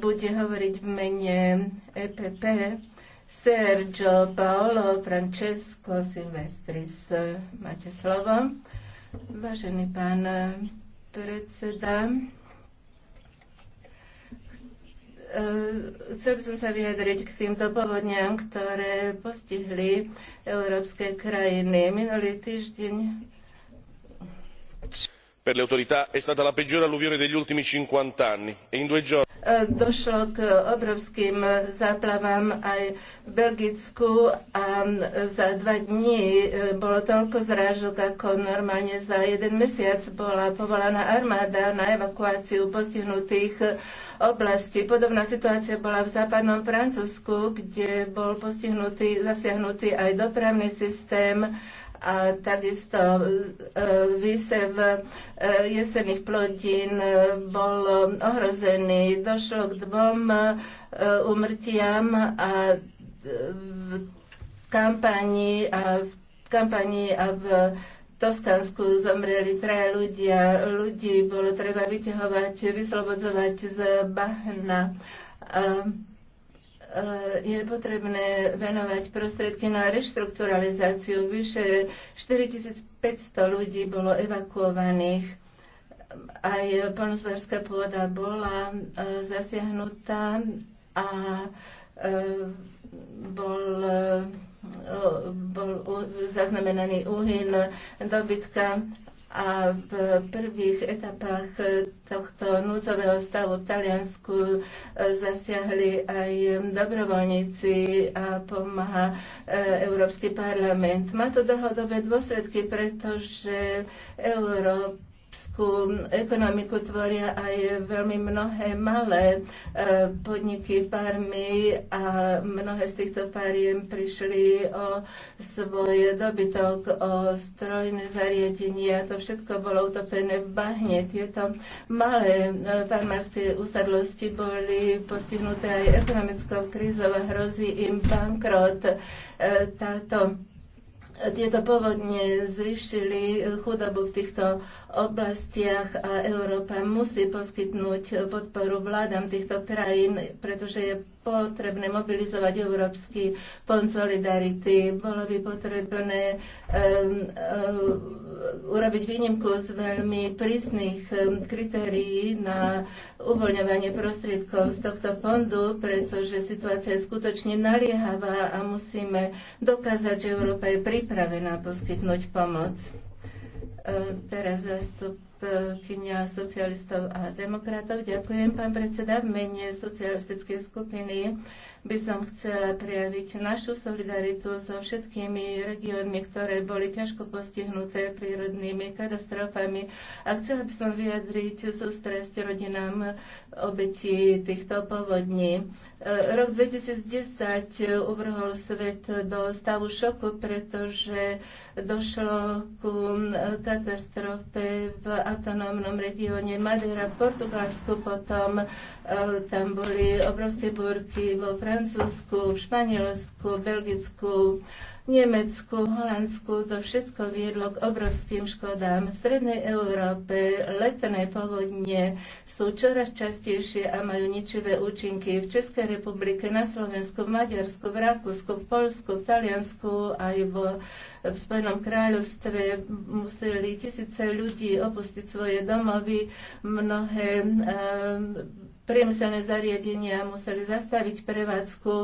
bude hovoriť v mene EPP Sergio Paolo Francesco Silvestris. Máte slovo. Vážený pán predseda, e, chcel by som sa vyjadriť k týmto povodňam, ktoré postihli európske krajiny. Minulý týždeň per le autorità è stata la peggiore alluvione degli ultimi 50 anni e in due giorni došlo k obrovským záplavám aj v Belgicku a za dva dní e, bolo toľko zrážok, ako normálne za jeden mesiac bola povolaná armáda na evakuáciu postihnutých oblastí. Podobná situácia bola v západnom Francúzsku, kde bol postihnutý, zasiahnutý aj dopravný systém, a takisto e, výsev e, jesených plodín e, bol ohrozený. Došlo k dvom umrtiam a v kampani a v kampani a v Toskansku zomreli traja ľudia. Ľudí bolo treba vyťahovať, vyslobodzovať z bahna. E, je potrebné venovať prostriedky na reštrukturalizáciu. Vyše 4500 ľudí bolo evakuovaných. Aj polnospodárska pôda bola e, zasiahnutá a e, bol, bol zaznamenaný úhyn dobytka a v prvých etapách tohto núdzového stavu v Taliansku e, zasiahli aj dobrovoľníci a pomáha e, Európsky parlament. Má to dlhodobé dôsledky, pretože Európa Slovenskú ekonomiku tvoria aj veľmi mnohé malé e, podniky, farmy a mnohé z týchto fariem prišli o svoj dobytok, o strojné zariadenie a to všetko bolo utopené v bahne. Tieto malé e, farmárske usadlosti boli postihnuté aj ekonomickou krízou a hrozí im bankrot. E, táto tieto povodne zvýšili chudobu v týchto oblastiach a Európa musí poskytnúť podporu vládam týchto krajín, pretože je potrebné mobilizovať Európsky fond solidarity. Bolo by potrebné um, um, urobiť výnimku z veľmi prísnych kritérií na uvoľňovanie prostriedkov z tohto fondu, pretože situácia je skutočne naliehavá a musíme dokázať, že Európa je pripravená poskytnúť pomoc. Teraz zastup kňa socialistov a demokratov. Ďakujem, pán predseda. V mene socialistickej skupiny by som chcela prejaviť našu solidaritu so všetkými regiónmi, ktoré boli ťažko postihnuté prírodnými katastrofami. A chcela by som vyjadriť sústresť rodinám obetí týchto povodní. E, rok 2010 uvrhol svet do stavu šoku, pretože došlo ku katastrofe v autonómnom regióne Madeira v Portugalsku, potom e, tam boli obrovské búrky vo Francúzsku, v Španielsku, v Belgicku, Nemecku, Holandsku, to všetko viedlo k obrovským škodám. V Strednej Európe letné povodne sú čoraz častejšie a majú ničivé účinky v Českej republike, na Slovensku, v Maďarsku, v Rakúsku, v Polsku, v Taliansku aj vo v Spojenom kráľovstve museli tisíce ľudí opustiť svoje domovy, mnohé e, priemyselné zariadenia museli zastaviť prevádzku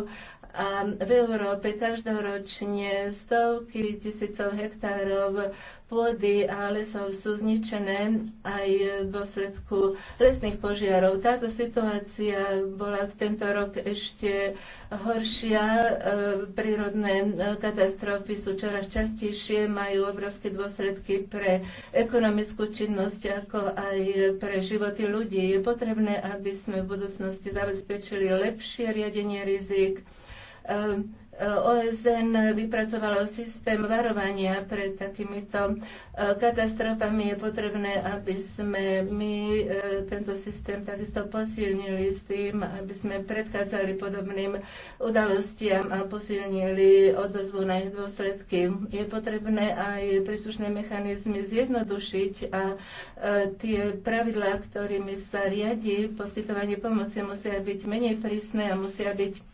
a v Európe každoročne stovky tisícov hektárov pôdy a lesov sú zničené aj v dôsledku lesných požiarov. Táto situácia bola v tento rok ešte horšia. E, prírodné e, katastrofy sú čoraz častejšie, majú obrovské dôsledky pre ekonomickú činnosť, ako aj pre životy ľudí. Je potrebné, aby sme v budúcnosti zabezpečili lepšie riadenie rizik, Ehm, OSN vypracovalo systém varovania pred takýmito e, katastrofami. Je potrebné, aby sme my e, tento systém takisto posilnili s tým, aby sme predchádzali podobným udalostiam a posilnili odozvu na ich dôsledky. Je potrebné aj príslušné mechanizmy zjednodušiť a e, tie pravidlá, ktorými sa riadi poskytovanie pomoci, musia byť menej prísne a musia byť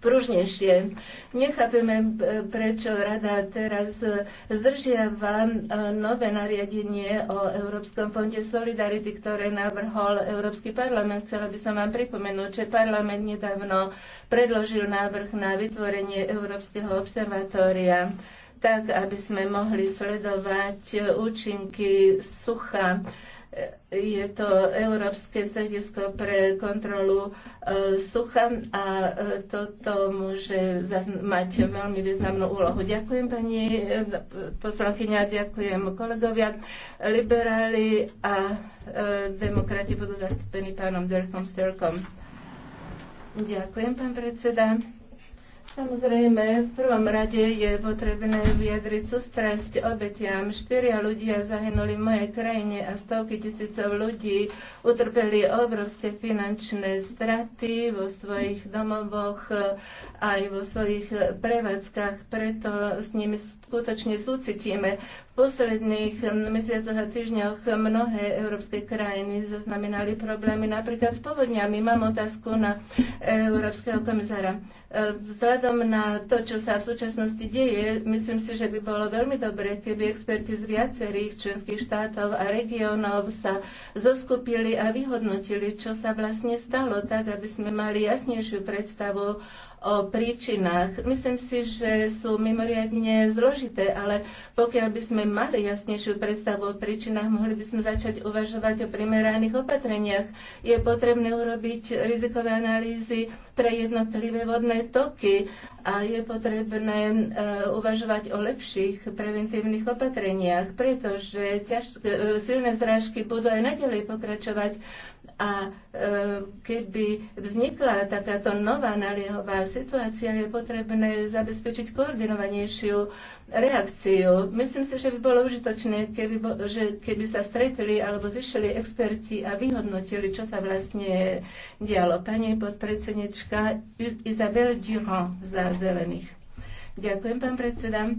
pružnejšie. Nechápeme, e, prečo rada teraz e, zdržiava e, nové nariadenie o Európskom fonde Solidarity, ktoré navrhol Európsky parlament. Chcela by som vám pripomenúť, že parlament nedávno predložil návrh na vytvorenie Európskeho observatória tak, aby sme mohli sledovať účinky sucha je to Európske stredisko pre kontrolu e, sucha a e, toto môže mať veľmi významnú úlohu. Ďakujem pani e, poslankyňa, ďakujem kolegovia. Liberáli a demokrati budú zastúpení pánom Dirkom Sterkom. Ďakujem, pán predseda. Samozrejme, v prvom rade je potrebné vyjadriť sústrasť obetiam. Štyria ľudia zahynuli v mojej krajine a stovky tisícov ľudí utrpeli obrovské finančné straty vo svojich domovoch e, aj vo svojich prevádzkach. Preto s nimi skutočne súcitíme posledných mesiacoch a týždňoch mnohé európske krajiny zaznamenali problémy napríklad s povodňami. Mám otázku na európskeho komisára. Vzhľadom na to, čo sa v súčasnosti deje, myslím si, že by bolo veľmi dobre, keby experti z viacerých členských štátov a regiónov sa zoskupili a vyhodnotili, čo sa vlastne stalo, tak aby sme mali jasnejšiu predstavu o príčinách. Myslím si, že sú mimoriadne zložité, ale pokiaľ by sme mali jasnejšiu predstavu o príčinách, mohli by sme začať uvažovať o primeraných opatreniach. Je potrebné urobiť rizikové analýzy pre jednotlivé vodné toky a je potrebné e, uvažovať o lepších preventívnych opatreniach, pretože ťaž, e, silné zrážky budú aj naďalej pokračovať a e, keby vznikla takáto nová naliehová situácia, je potrebné zabezpečiť koordinovanejšiu reakciu. Myslím si, že by bolo užitočné, keby, že keby sa stretli alebo zišli experti a vyhodnotili, čo sa vlastne dialo. Pani podpredsednička Isabel Durand za zelených. Ďakujem, pán predseda.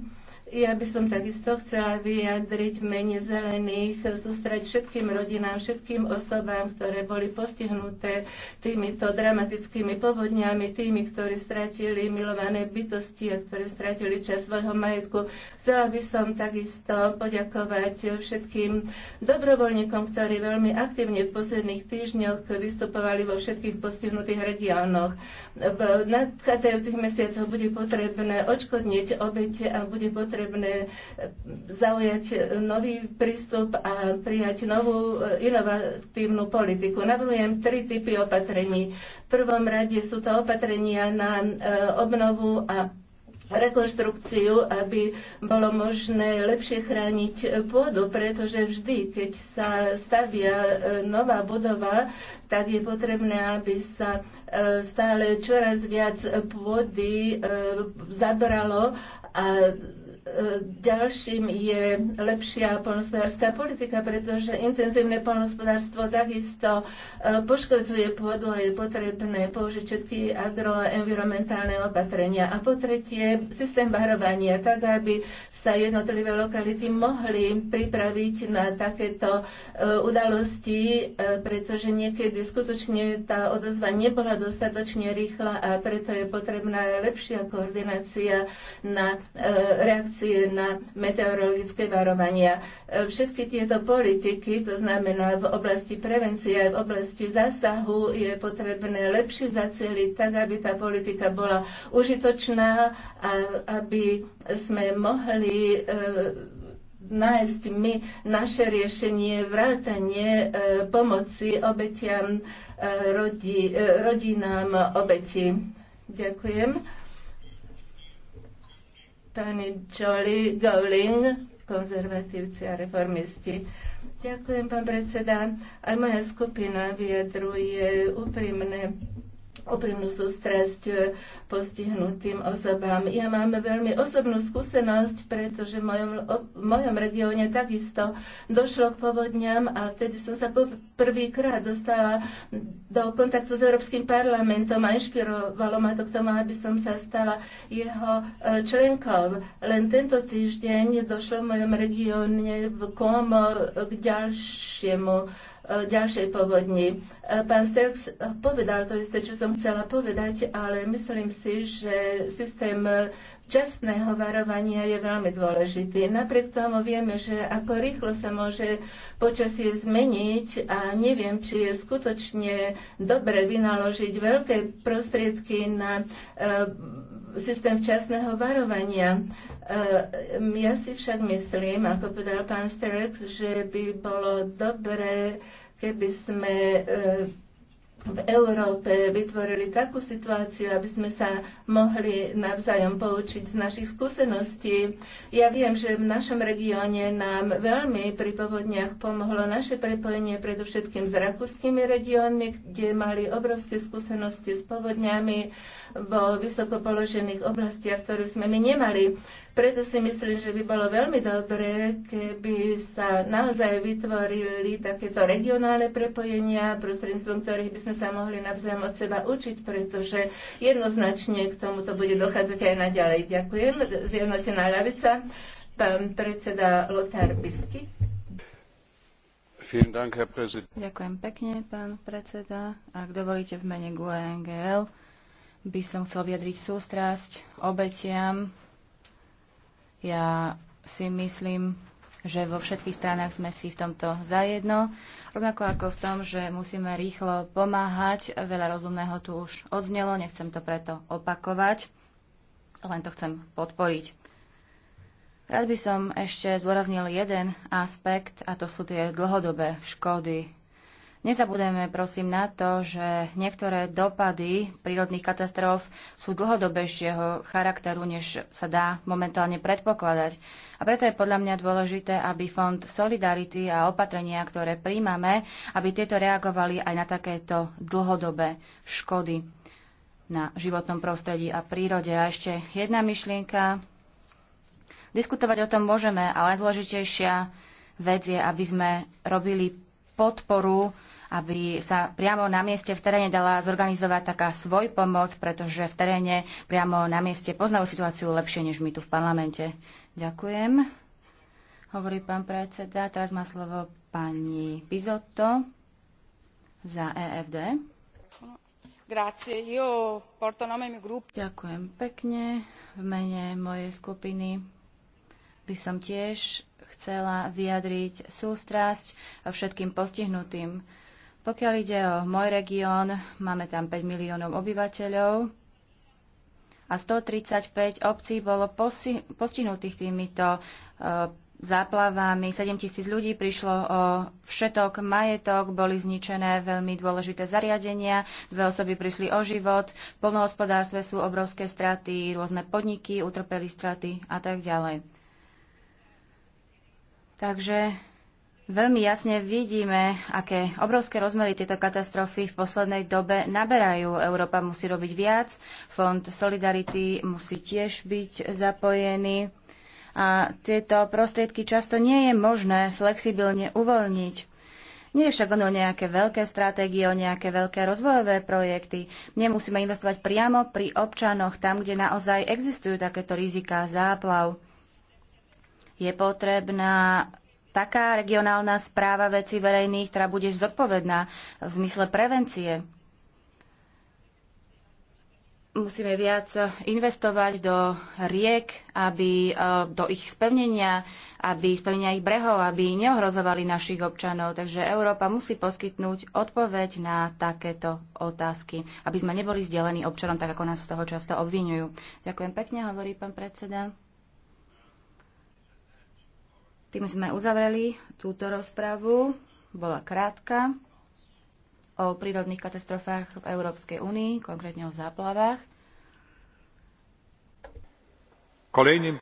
Ja by som takisto chcela vyjadriť v mene zelených, sústrať všetkým rodinám, všetkým osobám, ktoré boli postihnuté týmito dramatickými povodňami, tými, ktorí stratili milované bytosti a ktorí stratili čas svojho majetku. Chcela by som takisto poďakovať všetkým dobrovoľníkom, ktorí veľmi aktívne v posledných týždňoch vystupovali vo všetkých postihnutých regiónoch. V nadchádzajúcich mesiacoch bude potrebné odškodniť obete a bude potrebné potrebné eh, zaujať eh, nový prístup a prijať novú eh, inovatívnu politiku. Navrhujem tri typy opatrení. V prvom rade sú to opatrenia na obnovu a rekonštrukciu, aby bolo možné lepšie chrániť pôdu, pretože vždy, keď sa stavia nová budova, tak je potrebné, aby sa stále čoraz viac pôdy zabralo a E, ďalším je lepšia polnospodárska politika, pretože intenzívne polnospodárstvo takisto e, poškodzuje pôdu a je potrebné použiť všetky agroenvironmentálne opatrenia. A po tretie, systém varovania tak aby sa jednotlivé lokality mohli pripraviť na takéto e, udalosti, pretože niekedy skutočne tá odozva nebola dostatočne rýchla a preto je potrebná lepšia koordinácia na reakciu reakcie na meteorologické varovania. E, všetky tieto politiky, to znamená v oblasti prevencie aj v oblasti zásahu, je potrebné lepšie zaceliť tak, aby tá politika bola užitočná a aby sme mohli e, nájsť my naše riešenie, vrátanie e, pomoci obetiam, rodinám obeti. Ďakujem pani Jolie Gowling, konzervatívci a reformisti. Ďakujem, pán predseda. Aj moja skupina vyjadruje úprimné úprimnú sústrasť eh, postihnutým osobám. Ja mám veľmi osobnú skúsenosť, pretože v mojom, v mojom regióne takisto došlo k povodňam a vtedy som sa prvýkrát dostala do kontaktu s Európskym parlamentom a inšpirovalo ma to k tomu, aby som sa stala jeho eh, členkou. Len tento týždeň došlo v mojom regióne v Komo k ďalšiemu E, ďalšej povodni. E, pán Sterks povedal to isté, čo som chcela povedať, ale myslím si, že systém včasného varovania je veľmi dôležitý. Napriek tomu vieme, že ako rýchlo sa môže počasie zmeniť a neviem, či je skutočne dobre vynaložiť veľké prostriedky na e, systém včasného varovania. Ja si však myslím, ako povedal pán Sterks, že by bolo dobré keby sme e, v Európe vytvorili takú situáciu, aby sme sa mohli navzájom poučiť z našich skúseností. Ja viem, že v našom regióne nám veľmi pri povodniach pomohlo naše prepojenie predovšetkým s rakúskymi regiónmi, kde mali obrovské skúsenosti s povodňami vo vysoko položených oblastiach, ktoré sme my nemali. Preto si myslím, že by bolo veľmi dobré, keby sa naozaj vytvorili takéto regionálne prepojenia, prostredníctvom ktorých by sme sa mohli navzájom od seba učiť, pretože jednoznačne tomuto bude dochádzať aj naďalej. Ďakujem. Zjednotená ľavica, pán predseda Lothar Bisky. Ďakujem pekne, pán predseda. Ak dovolíte v mene GUNGL, by som chcel vyjadriť sústrasť obetiam. Ja si myslím, že vo všetkých stranách sme si v tomto zajedno, rovnako ako v tom, že musíme rýchlo pomáhať. Veľa rozumného tu už odznelo, nechcem to preto opakovať, len to chcem podporiť. Rád by som ešte zdôraznil jeden aspekt, a to sú tie dlhodobé škody Nezabudeme prosím na to, že niektoré dopady prírodných katastrof sú dlhodobejšieho charakteru, než sa dá momentálne predpokladať. A preto je podľa mňa dôležité, aby Fond Solidarity a opatrenia, ktoré príjmame, aby tieto reagovali aj na takéto dlhodobé škody na životnom prostredí a prírode. A ešte jedna myšlienka. Diskutovať o tom môžeme, ale dôležitejšia vec je, aby sme robili podporu aby sa priamo na mieste v teréne dala zorganizovať taká svoj pomoc, pretože v teréne priamo na mieste poznajú situáciu lepšie než my tu v parlamente. Ďakujem. Hovorí pán predseda. Teraz má slovo pani Pizotto za EFD. Ďakujem pekne. V mene mojej skupiny by som tiež chcela vyjadriť sústrasť všetkým postihnutým. Pokiaľ ide o môj región, máme tam 5 miliónov obyvateľov a 135 obcí bolo postihnutých týmito e, záplavami. 7 tisíc ľudí prišlo o všetok majetok, boli zničené veľmi dôležité zariadenia, dve osoby prišli o život, v polnohospodárstve sú obrovské straty, rôzne podniky utrpeli straty a tak ďalej. Takže Veľmi jasne vidíme, aké obrovské rozmery tieto katastrofy v poslednej dobe naberajú. Európa musí robiť viac, Fond Solidarity musí tiež byť zapojený a tieto prostriedky často nie je možné flexibilne uvoľniť. Nie je však ono nejaké veľké stratégie, o nejaké veľké rozvojové projekty. Nemusíme investovať priamo pri občanoch, tam, kde naozaj existujú takéto rizika. záplav. Je potrebná taká regionálna správa veci verejných, ktorá bude zodpovedná v zmysle prevencie. Musíme viac investovať do riek, aby e, do ich spevnenia, aby spevnenia ich brehov, aby neohrozovali našich občanov. Takže Európa musí poskytnúť odpoveď na takéto otázky, aby sme neboli zdelení občanom, tak ako nás z toho často obvinujú. Ďakujem pekne, hovorí pán predseda. Tým sme uzavreli túto rozpravu. Bola krátka o prírodných katastrofách v Európskej únii, konkrétne o záplavách. Kolejným